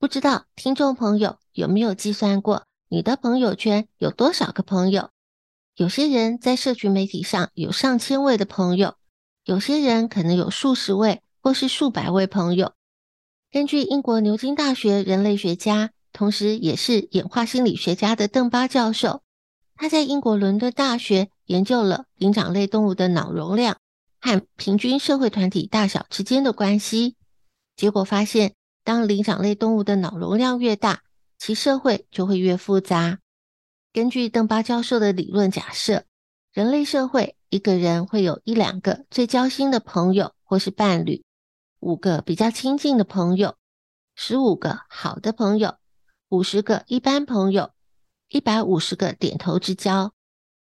不知道聽眾朋友有沒有計算過，你的朋友圈有多少個朋友？有些人在社群媒體上有上千位的朋友，有些人可能有數十位或是數百位朋友。根據英國牛津大學人類學家，同時也是演化心理學家的鄧巴教授，他在英國倫敦大學研究了靈長類動物的腦容量和平均社會團體大小之間的關係，結果發現，當靈長類動物的腦容量越大，其社會就會越複雜。根據鄧巴教授的理論假設，人類社會一個人會有一兩個最交心的朋友或是伴侶，五個比較親近的朋友，十五個好的朋友，五十個一般朋友，一百五十個點頭之交。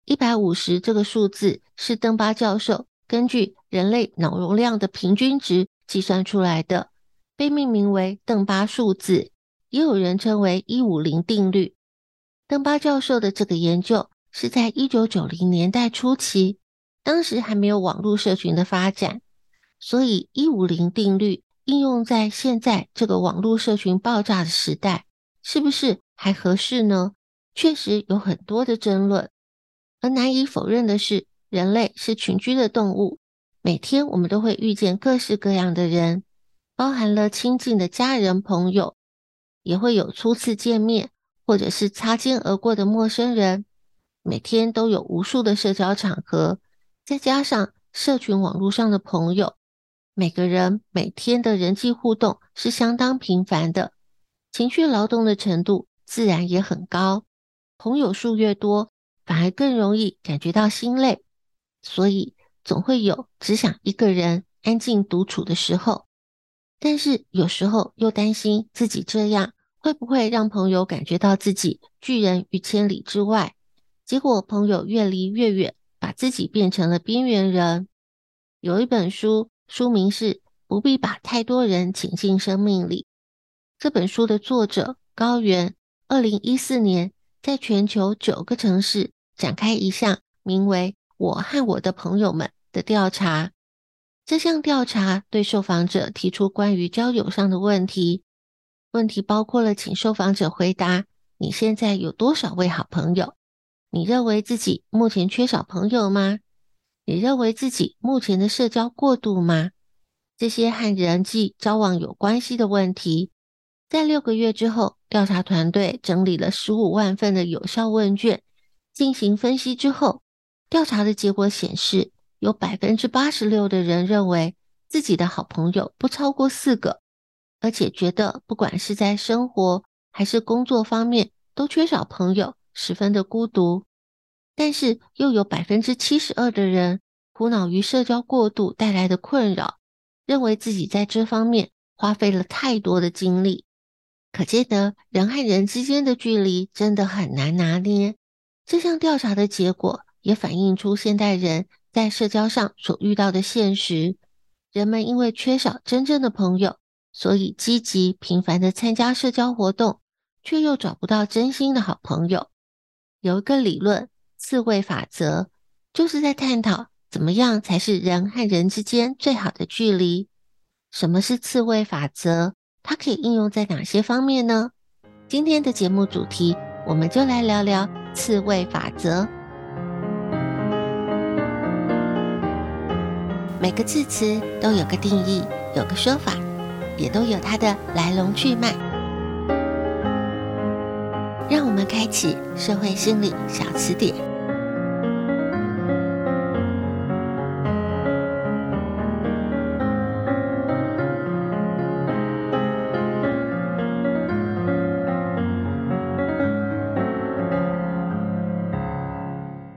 一百五十這個數字是鄧巴教授根據人類腦容量的平均值計算出來的。被命名為鄧巴數字，也有人稱為150定律。鄧巴教授的這個研究是在1990年代初期，當時還沒有網絡社群的發展，所以150定律應用在現在這個網絡社群爆炸的時代，是不是還合適呢？確實有很多的爭論，而難以否認的是，人類是群居的動物，每天我們都會遇見各式各樣的人。包含了親近的家人、朋友，也會有初次見面或者是擦肩而過的陌生人。每天都有無數的社交場合，再加上社群網絡上的朋友，每個人每天的人際互動是相當頻繁的，情緒勞動的程度自然也很高。朋友數越多，反而更容易感覺到心累，所以總會有只想一個人安靜獨處的時候。但是有時候又擔心自己這樣會不會讓朋友感覺到自己拒人於千里之外，結果朋友越離越遠，把自己變成了邊緣人。有一本書，書名是《不必把太多人請進生命裡》。這本書的作者高原，二零一四年在全球九個城市展開一項名為《我和我的朋友們》的調查。這項調查對受訪者提出關於交友上的問題，問題包括了請受訪者回答：你現在有多少位好朋友？你認為自己目前缺少朋友嗎？你認為自己目前的社交過度嗎？這些和人際交往有關係的問題，在六個月之後，調查團隊整理了十五萬份的有效問卷，進行分析之後，調查的結果顯示。有百分之八十六的人認為自己的好朋友不超過四個，而且覺得不管是在生活還是工作方面都缺少朋友，十分的孤獨。但是又有百分之七十二的人苦惱於社交過度帶來的困擾，認為自己在這方面花費了太多的精力。可見得人和人之間的距離真的很難拿捏。這項調查的結果也反映出現代人，在社交上所遇到的現實，人們因為缺少真正的朋友，所以積極頻繁地參加社交活動，卻又找不到真心的好朋友。有一個理論，刺蝟法則，就是在探討怎麼樣才是人和人之間最好的距離。什麼是刺蝟法則？它可以應用在哪些方面呢？今天的節目主題，我們就來聊聊刺蝟法則。每個字詞都有個定義，有個說法，也都有它的來龍去脈。讓我們開啟《社會心理小詞典》。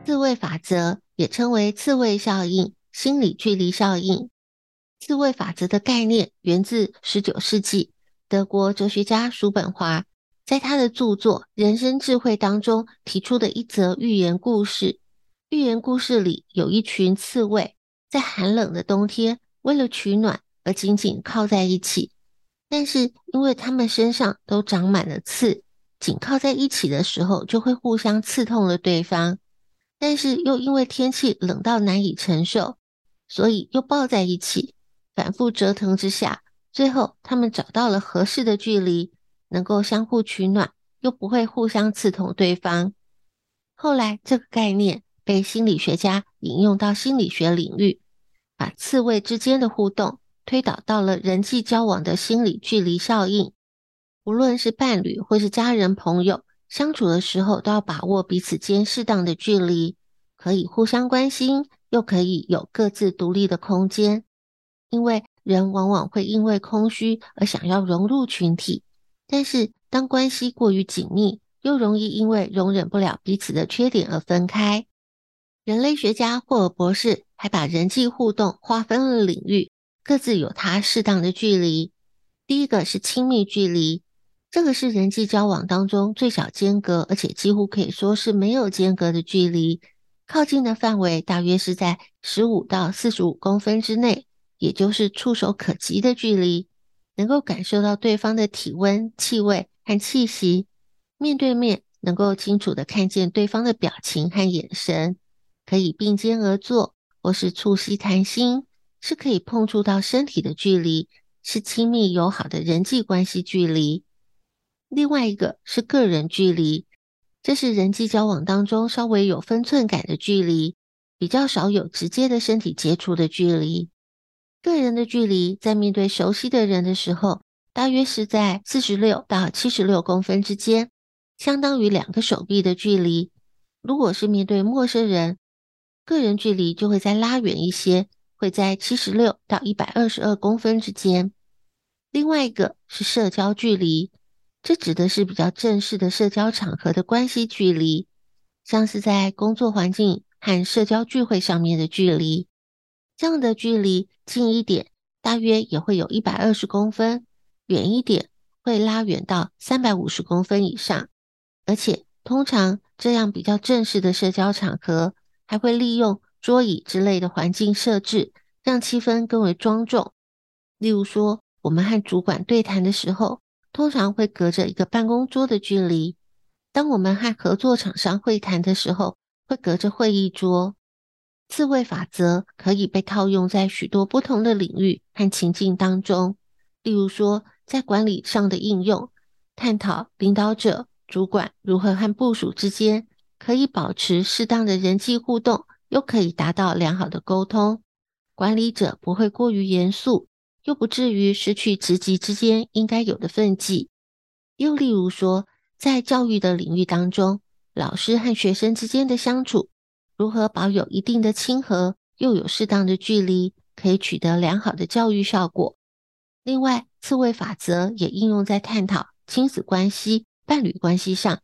刺蝟法則，也稱為刺蝟效應。心理距離效應、刺蝟法則的概念，源自十九世紀德國哲學家叔本華在他的著作《人生智慧》當中提出的一則寓言故事。寓言故事裡有一群刺蝟，在寒冷的冬天，為了取暖而緊緊靠在一起，但是因為它們身上都長滿了刺，緊靠在一起的時候就會互相刺痛了對方。但是又因為天氣冷到難以承受。所以又抱在一起，反復折騰之下，最後他們找到了合適的距離，能夠相互取暖，又不會互相刺痛對方。後來，這個概念被心理學家引用到心理學領域，把刺蝟之間的互動推導到了人際交往的心理距離效應。無論是伴侶或是家人、朋友相處的時候，都要把握彼此間適當的距離，可以互相關心。又可以有各自獨立的空間，因為人往往會因為空虛而想要融入群體，但是當關係過於緊密，又容易因為容忍不了彼此的缺點而分開。人類學家霍爾博士還把人際互動劃分了領域，各自有它適當的距離。第一個是親密距離，這個是人際交往當中最小間隔，而且幾乎可以說是沒有間隔的距離。靠近的範圍大約是在十五到四十五公分之內，也就是觸手可及的距離，能夠感受到對方的體溫、氣味和氣息，面對面能夠清楚地看見對方的表情和眼神，可以並肩而坐或是促膝談心，是可以碰觸到身體的距離，是親密友好的人際關係距離。另外一個是個人距離。這是人際交往當中稍微有分寸感的距離，比較少有直接的身體接觸的距離。個人的距離在面對熟悉的人的時候，大約是在四十六到七十六公分之間，相當於兩個手臂的距離。如果是面對陌生人，個人距離就會再拉遠一些，會在七十六到一百二十二公分之間。另外一個是社交距離。這指的是比較正式的社交場合的關係距離，像是在工作環境和社交聚會上面的距離。這樣的距離近一點，大約也會有一百二十公分；遠一點會拉遠到三百五十公分以上。而且，通常這樣比較正式的社交場合，還會利用桌椅之類的環境設置，讓氣氛更為莊重。例如說，我們和主管對談的時候。通常會隔着一個辦公桌的距離。當我們和合作廠商會談的時候，會隔着會議桌。刺蝟法則可以被套用在許多不同的領域和情境當中，例如說，在管理上的應用，探討領導者、主管如何和部屬之間，可以保持適當的人際互動，又可以達到良好的溝通，管理者不會過於嚴肅。又不至於失去職級之間應該有的分際。又例如說，在教育的領域當中，老師和學生之間的相處，如何保有一定的親和，又有適當的距離，可以取得良好的教育效果。另外，刺蝟法則也應用在探討親子關係、伴侶關係上。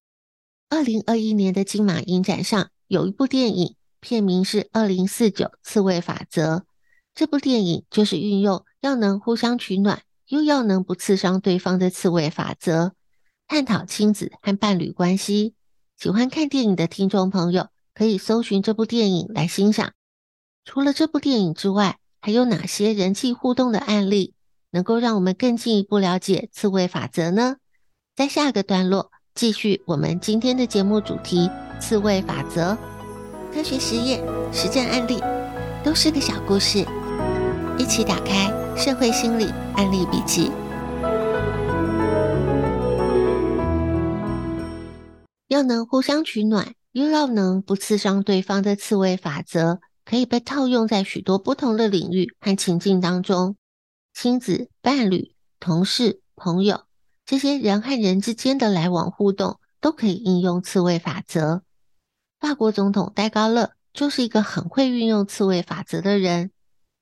二零二一年的金馬影展上，有一部電影，片名是《二零四九刺蝟法則》。這部電影就是運用。要能互相取暖，又要能不刺傷對方的刺蝟法則。探討親子和伴侶關係。喜歡看電影的聽眾朋友，可以搜尋這部電影來欣賞。除了這部電影之外，還有哪些人際互動的案例，能夠讓我們更進一步了解刺蝟法則呢？在下個段落，繼續我們今天的節目主題：刺蝟法則、科學實驗、實戰案例，都是個小故事，一起打開。社會心理學習筆記，要能互相取暖，又要能不刺傷對方的刺蝟法則，可以被套用在許多不同的領域和情境當中。親子、伴侶、同事、朋友，這些人和人之間的來往互動，都可以應用刺蝟法則。法國總統戴高樂就是一個很會運用刺蝟法則的人，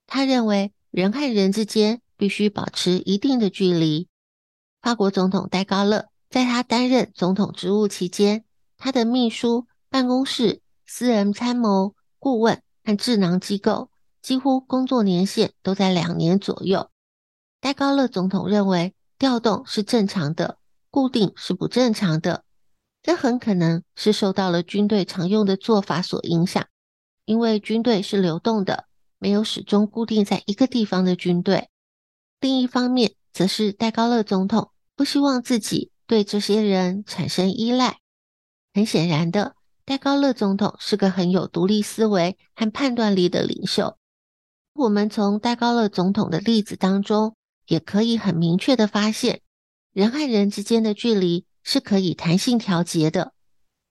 他認為，人和人之間必須保持一定的距離。法國總統戴高樂在他擔任總統職務期間，他的秘書、辦公室、私人參謀、顧問和智囊機構幾乎工作年限都在兩年左右。戴高樂總統認為，調動是正常的，固定是不正常的。這很可能是受到了軍隊常用的做法所影響，因為軍隊是流動的。沒有始終固定在一個地方的軍隊。另一方面，則是戴高樂總統不希望自己對這些人產生依賴。很顯然的，戴高樂總統是個很有獨立思維和判斷力的領袖。我們從戴高樂總統的例子當中，也可以很明確的發現，人和人之間的距離是可以彈性調節的。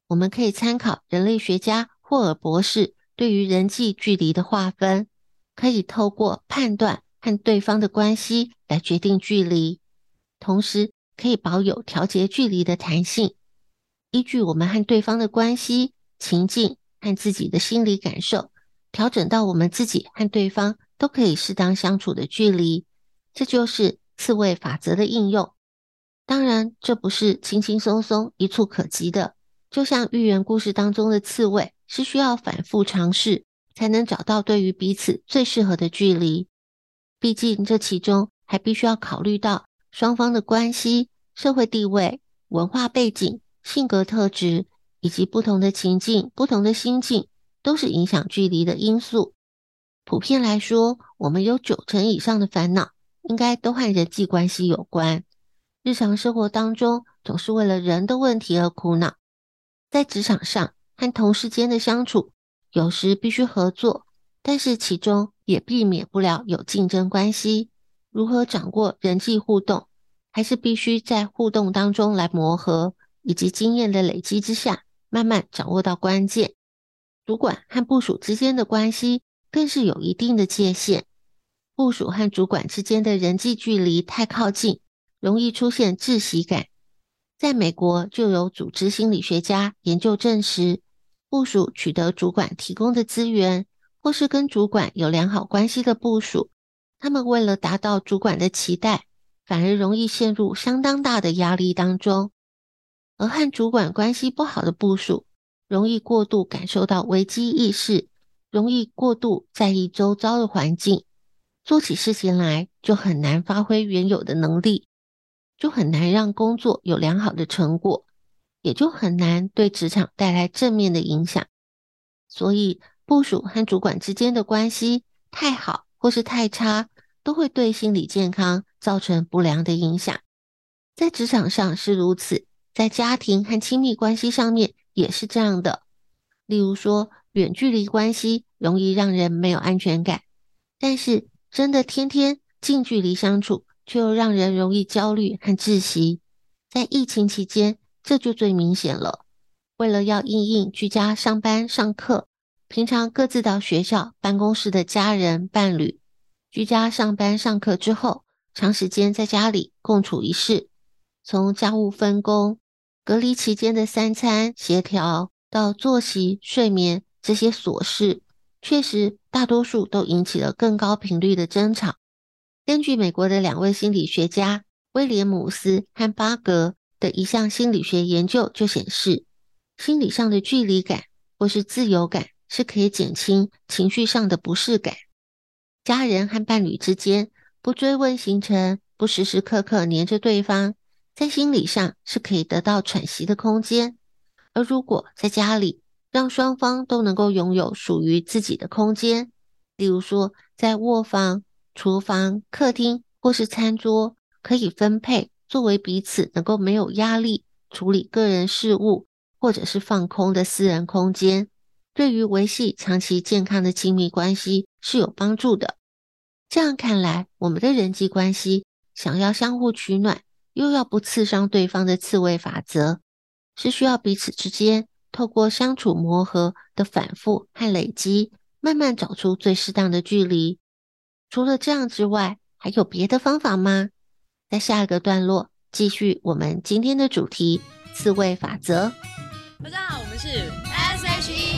我們可以參考人類學家霍爾博士對於人際距離的劃分。可以透過判斷和對方的關係來決定距離，同時可以保有調節距離的彈性，依據我們和對方的關係、情境和自己的心理感受，調整到我們自己和對方都可以適當相處的距離。這就是刺蝟法則的應用。當然，這不是輕輕鬆鬆一觸可及的，就像寓言故事當中的刺蝟，是需要反覆嘗試，才能找到對於彼此最適合的距離。畢竟這其中還必須要考慮到雙方的關係、社會地位、文化背景、性格特質，以及不同的情境、不同的心境，都是影響距離的因素。普遍來說，我們有九成以上的煩惱，應該都和人際關係有關。日常生活當中，總是為了人的問題而苦惱。在職場上，和同事間的相處，有時必須合作，但是其中也避免不了有競爭關係。如何掌握人際互動，還是必須在互動當中來磨合，以及經驗的累積之下，慢慢掌握到關鍵。主管和部屬之間的關係更是有一定的界限。部屬和主管之間的人際距離太靠近，容易出現窒息感。在美國就有組織心理學家研究證實，部署取得主管提供的資源，或是跟主管有良好關係的部屬，他們為了達到主管的期待，反而容易陷入相當大的壓力當中；而和主管關係不好的部屬，容易過度感受到危機意識，容易過度在意周遭的環境，做起事情來就很難發揮原有的能力，就很難讓工作有良好的成果。也就很難對職場帶來正面的影響，所以部屬和主管之間的關係太好或是太差，都會對心理健康造成不良的影響。在職場上是如此，在家庭和親密關係上面也是這樣的。例如說，遠距離關係容易讓人沒有安全感，但是真的天天近距離相處，却又讓人容易焦慮和窒息。在疫情期間。這就最明顯了。為了要適應居家、上班、上課，平常各自到學校、辦公室的家人、伴侶，居家、上班、上課之後，長時間在家裡共處一室，從家務分工、隔離期間的三餐協調到作息、睡眠這些瑣事，確實大多數都引起了更高頻率的爭吵。根據美國的兩位心理學家威廉姆斯和巴格。的一項心理學研究就顯示，心理上的距離感或是自由感是可以減輕情緒上的不適感。家人和伴侶之間不追問行程，不時時刻刻黏着對方，在心理上是可以得到喘息的空間。而如果在家裡，讓雙方都能夠擁有屬於自己的空間，例如說在臥房、廚房、客廳或是餐桌，可以分配。作為彼此能夠，沒有壓力處理個人事務，或者是放空的私人空間，對於維繫長期健康的親密關係是有幫助的。這樣看來，我們的人際關係想要相互取暖，又要不刺傷對方的刺蝟法則，是需要彼此之間透過相處磨合的反復和累積，慢慢找出最適當的距離。除了這樣之外，還有別的方法嗎？在下一個段落繼續我們今天的主題——刺蝟法則。大家好，我們是 SHE，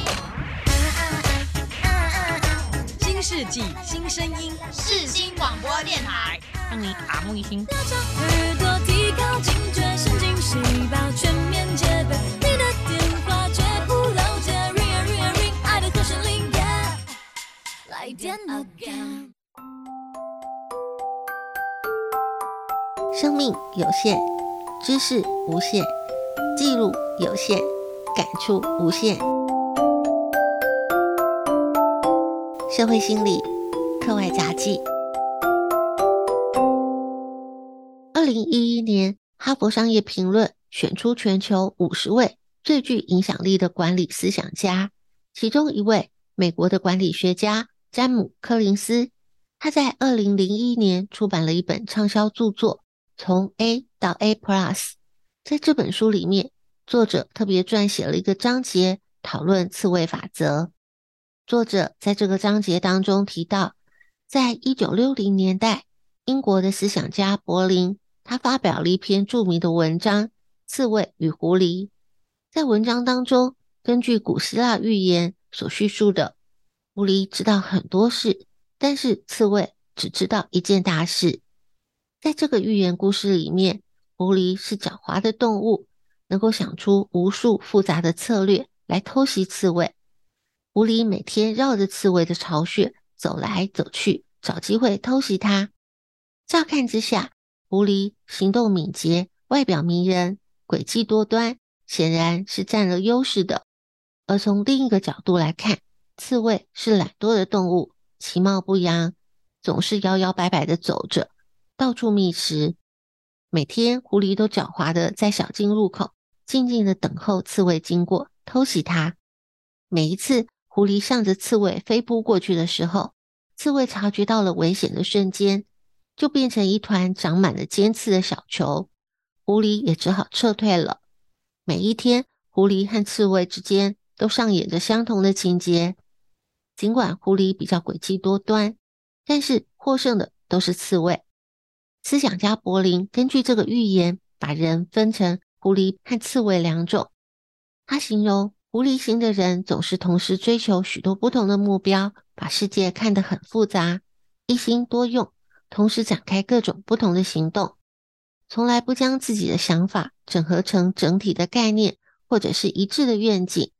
新世紀新聲音世新廣播電台，讓你耳目一新。生命有限，知識無限，記錄有限，感觸無限。社會心理，課外雜記。二零一一年，哈佛商業評論選出全球五十位最具影響力的管理思想家，其中一位美國的管理學家詹姆·柯林斯，他在二零零一年出版了一本暢銷著作。從 A 到 A Plus，在這本書裡面，作者特別撰寫了一個章節討論刺蝟法則。作者在這個章節當中提到，在一九六零年代，英國的思想家柏林，他發表了一篇著名的文章《刺蝟與狐狸》。在文章當中，根據古希臘寓言所敘述的，狐狸知道很多事，但是刺蝟只知道一件大事。在這個寓言故事裡面，狐狸是狡猾的動物，能夠想出無數複雜的策略來偷襲刺蝟。狐狸每天繞着刺蝟的巢穴走來走去，找機會偷襲它。乍看之下，狐狸行動敏捷，外表迷人，詭計多端，顯然是佔了優勢的。而從另一個角度來看，刺蝟是懶惰的動物，其貌不揚，總是搖搖擺擺地走着。到處覓食，每天狐狸都狡猾的在小徑入口靜靜的等候刺蝟經過偷襲它。每一次狐狸向着刺蝟飛撲過去的時候，刺蝟察覺到了危險的瞬間，就變成一團長滿了尖刺的小球，狐狸也只好撤退了。每一天，狐狸和刺蝟之間都上演着相同的情節。儘管狐狸比較詭計多端，但是獲勝的都是刺蝟。思想家柏林根據這個寓言，把人分成狐狸和刺蝟兩種。他形容狐狸型的人總是同時追求許多不同的目標，把世界看得很複雜，一心多用，同時展開各種不同的行動，從來不將自己的想法整合成整體的概念或者是一致的願景。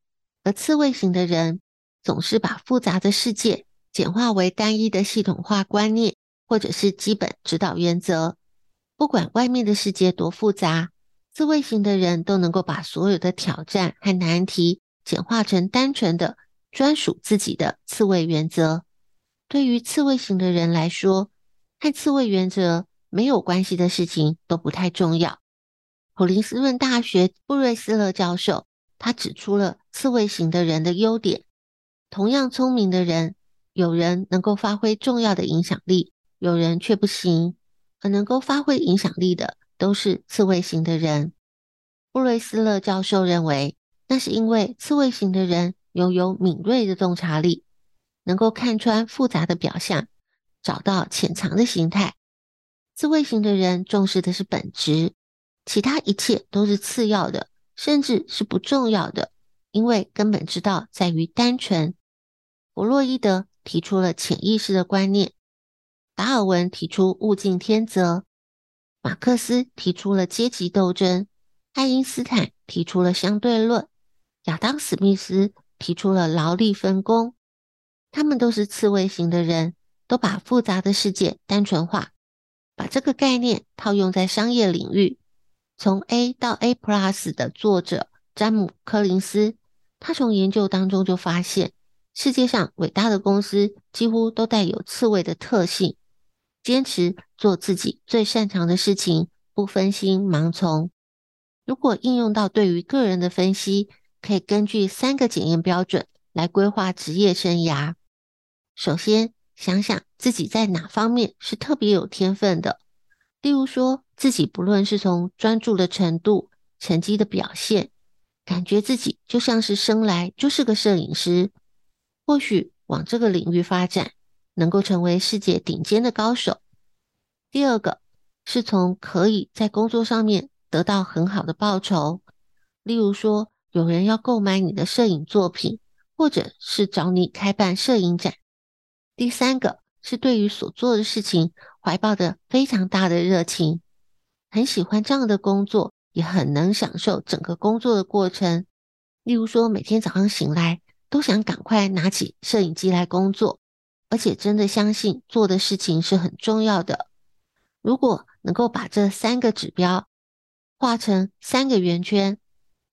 而刺蝟型的人總是把複雜的世界簡化為單一的系統化觀念。或者是基本指導原則，不管外面的世界多複雜，刺蝟型的人都能夠把所有的挑戰和難題簡化成單純的專屬自己的刺蝟原則。對於刺蝟型的人來說，和刺蝟原則沒有關係的事情都不太重要。普林斯頓大學布瑞斯勒教授，他指出了刺蝟型的人的優點，同樣聰明的人，有人能夠發揮重要的影響力。有人卻不行，而能夠發揮影響力的都是刺蝟型的人。布瑞斯勒教授認為，那是因為刺蝟型的人擁有，有敏銳的洞察力，能夠看穿複雜的表象，找到潛藏的形態。刺蝟型的人重視的是本質，其他一切都是次要的，甚至是不重要的，因為根本之道在於單純。弗洛伊德提出了潛意識的觀念。達爾文提出物競天擇，馬克思提出了階級鬥爭，愛因斯坦提出了相對論，亞當·史密斯提出了勞力分工。他們都是刺蝟型的人，都把複雜的世界單純化，把這個概念套用在商業領域。從 A 到 A Plus 的作者詹姆·柯林斯，他從研究當中就發現，世界上偉大的公司幾乎都帶有刺蝟的特性。堅持做自己最擅長的事情，不分心盲從。如果應用到對於個人的分析，可以根據三個檢驗標準來規劃職業生涯。首先，想想自己在哪方面是特別有天分的。例如說，自己不論是從專注的程度、成績的表現，感覺自己就像是生來就是個攝影師，或許往這個領域發展。能夠成為世界頂尖的高手。第二個是從可以在工作上面得到很好的報酬，例如說有人要購買你的攝影作品，或者是找你開辦攝影展。第三個是對於所做的事情，懷抱着非常大的熱情，很喜歡這樣的工作，也很能享受整個工作的過程。例如說每天早上醒來，都想趕快拿起攝影機來工作。而且真的相信做的事情是很重要的。如果能夠把這三個指標畫成三個圓圈，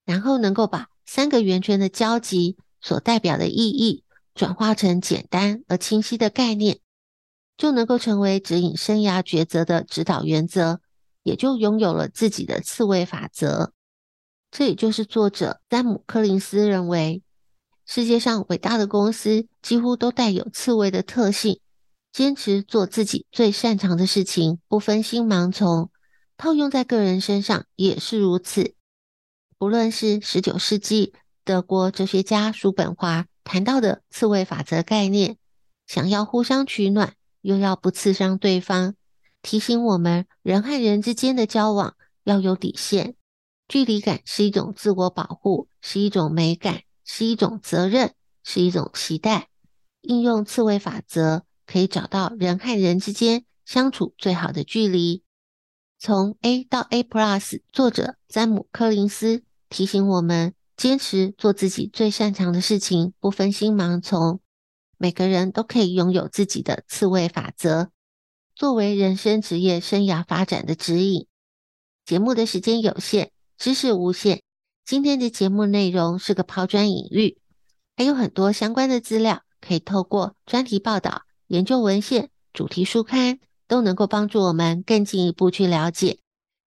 然後能夠把三個圓圈的交集所代表的意義轉化成簡單而清晰的概念，就能夠成為指引生涯抉擇的指導原則，也就擁有了自己的刺蝟法則。這也就是作者詹姆柯林斯認為。世界上偉大的公司幾乎都帶有刺蝟的特性，堅持做自己最擅長的事情，不分心盲從。套用在個人身上也是如此。不論是十九世紀德國哲學家叔本華談到的刺蝟法則概念，想要互相取暖，又要不刺傷對方，提醒我們人和人之間的交往要有底線，距離感是一種自我保護，是一種美感。是一種責任，是一種期待。應用刺蝟法則，可以找到人和人之間相處最好的距離。從 A 到 A Plus，作者詹姆柯林斯提醒我們：堅持做自己最擅長的事情，不分心盲從。每個人都可以擁有自己的刺蝟法則，作為人生職業生涯發展的指引。節目的時間有限，知識無限。今天的節目內容是個拋磚引玉，還有很多相關的資料，可以透過專題報道、研究文獻、主題書刊，都能夠幫助我們更進一步去了解。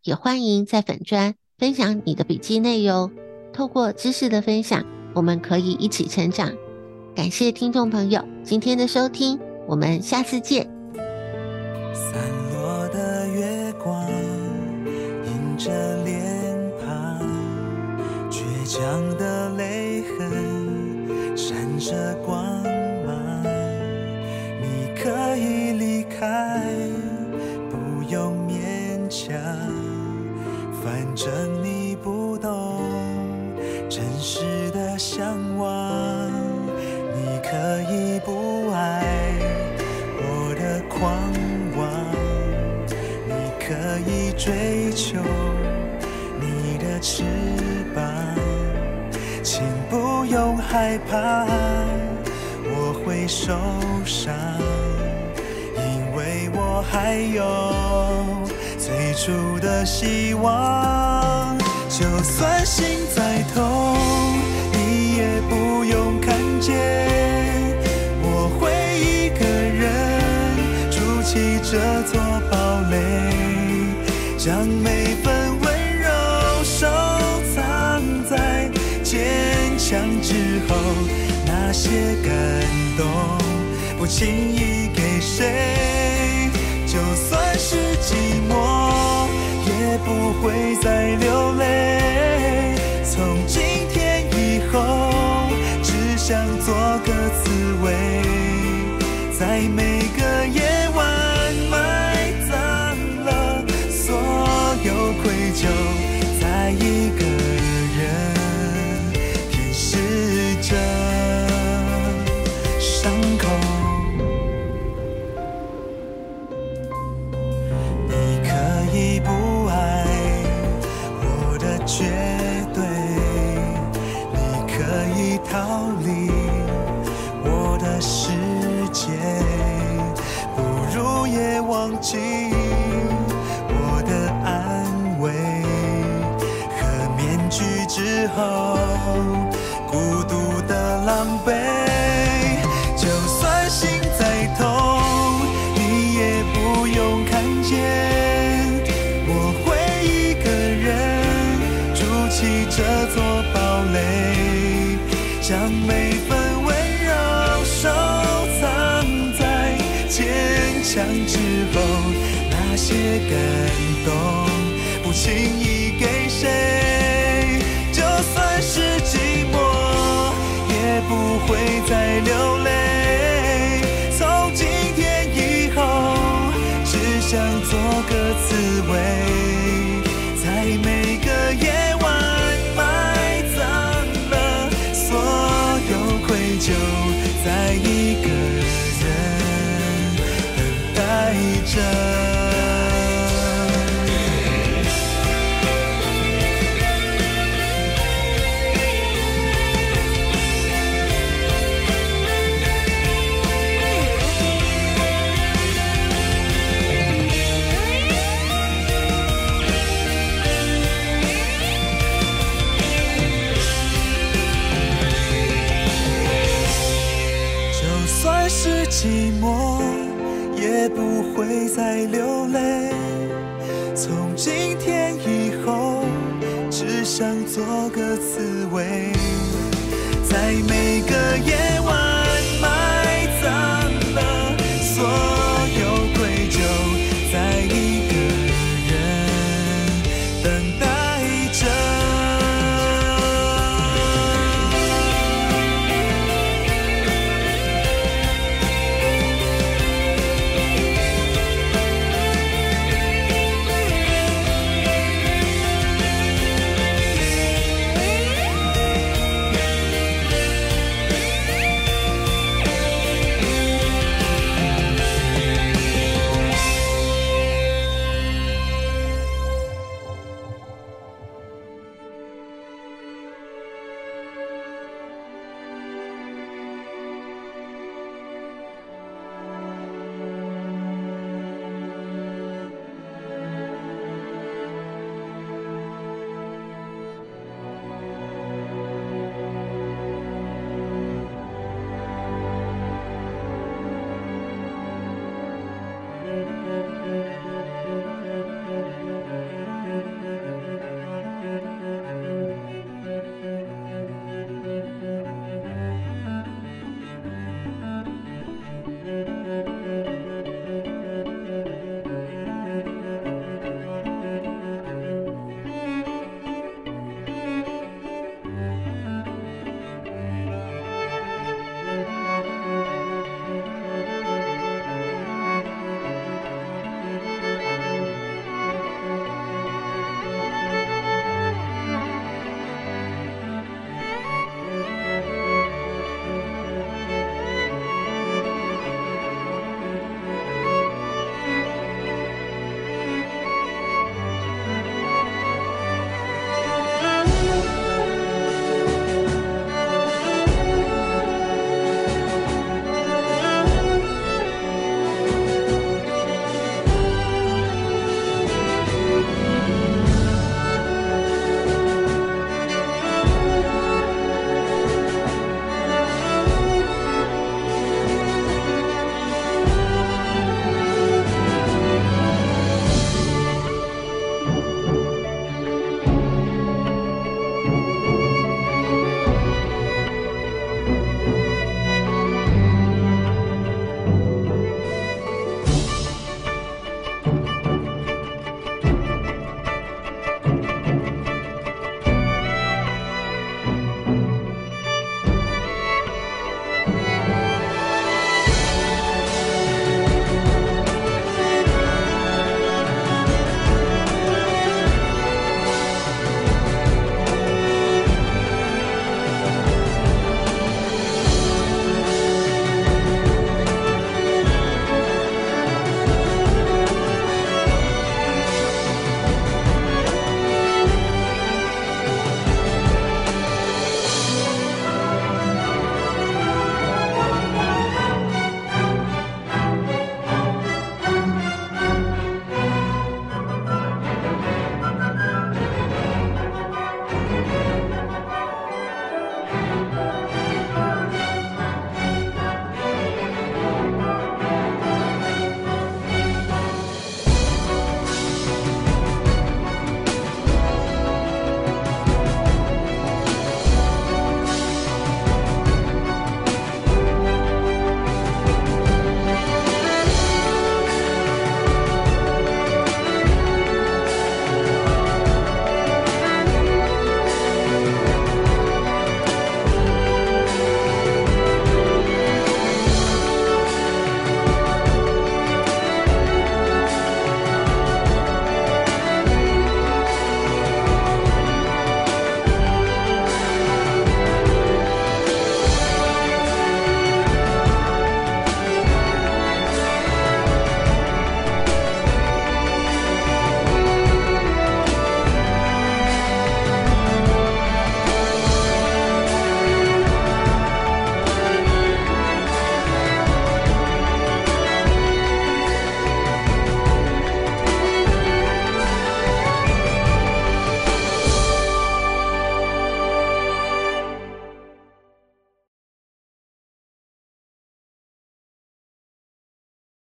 也歡迎在粉專分享你的筆記內容，透過知識的分享，我們可以一起成長。感謝聽眾朋友今天的收聽，我們下次見。愛，不用勉強，反正你不懂真實的向往。你可以不愛我的狂妄，你可以追求你的翅膀，請不用害怕，我會受傷。我還有最初的希望，就算心再痛，你也不用看見。我會一個人築起這座堡壘，將每份溫柔收藏在堅強之後，那些感動不輕易給誰。就算是寂寞，也不會再流淚。從今天以後，只想做個刺蝟，在每個夜晚埋葬了所有愧疚，再一個人舔舐着傷口。不會再流淚，從今天以後，只想做個刺蝟，在每個夜晚埋葬了所有愧疚，在一個人等待着。不會再流淚，從今天以後，只想做個刺蝟，在每個夜。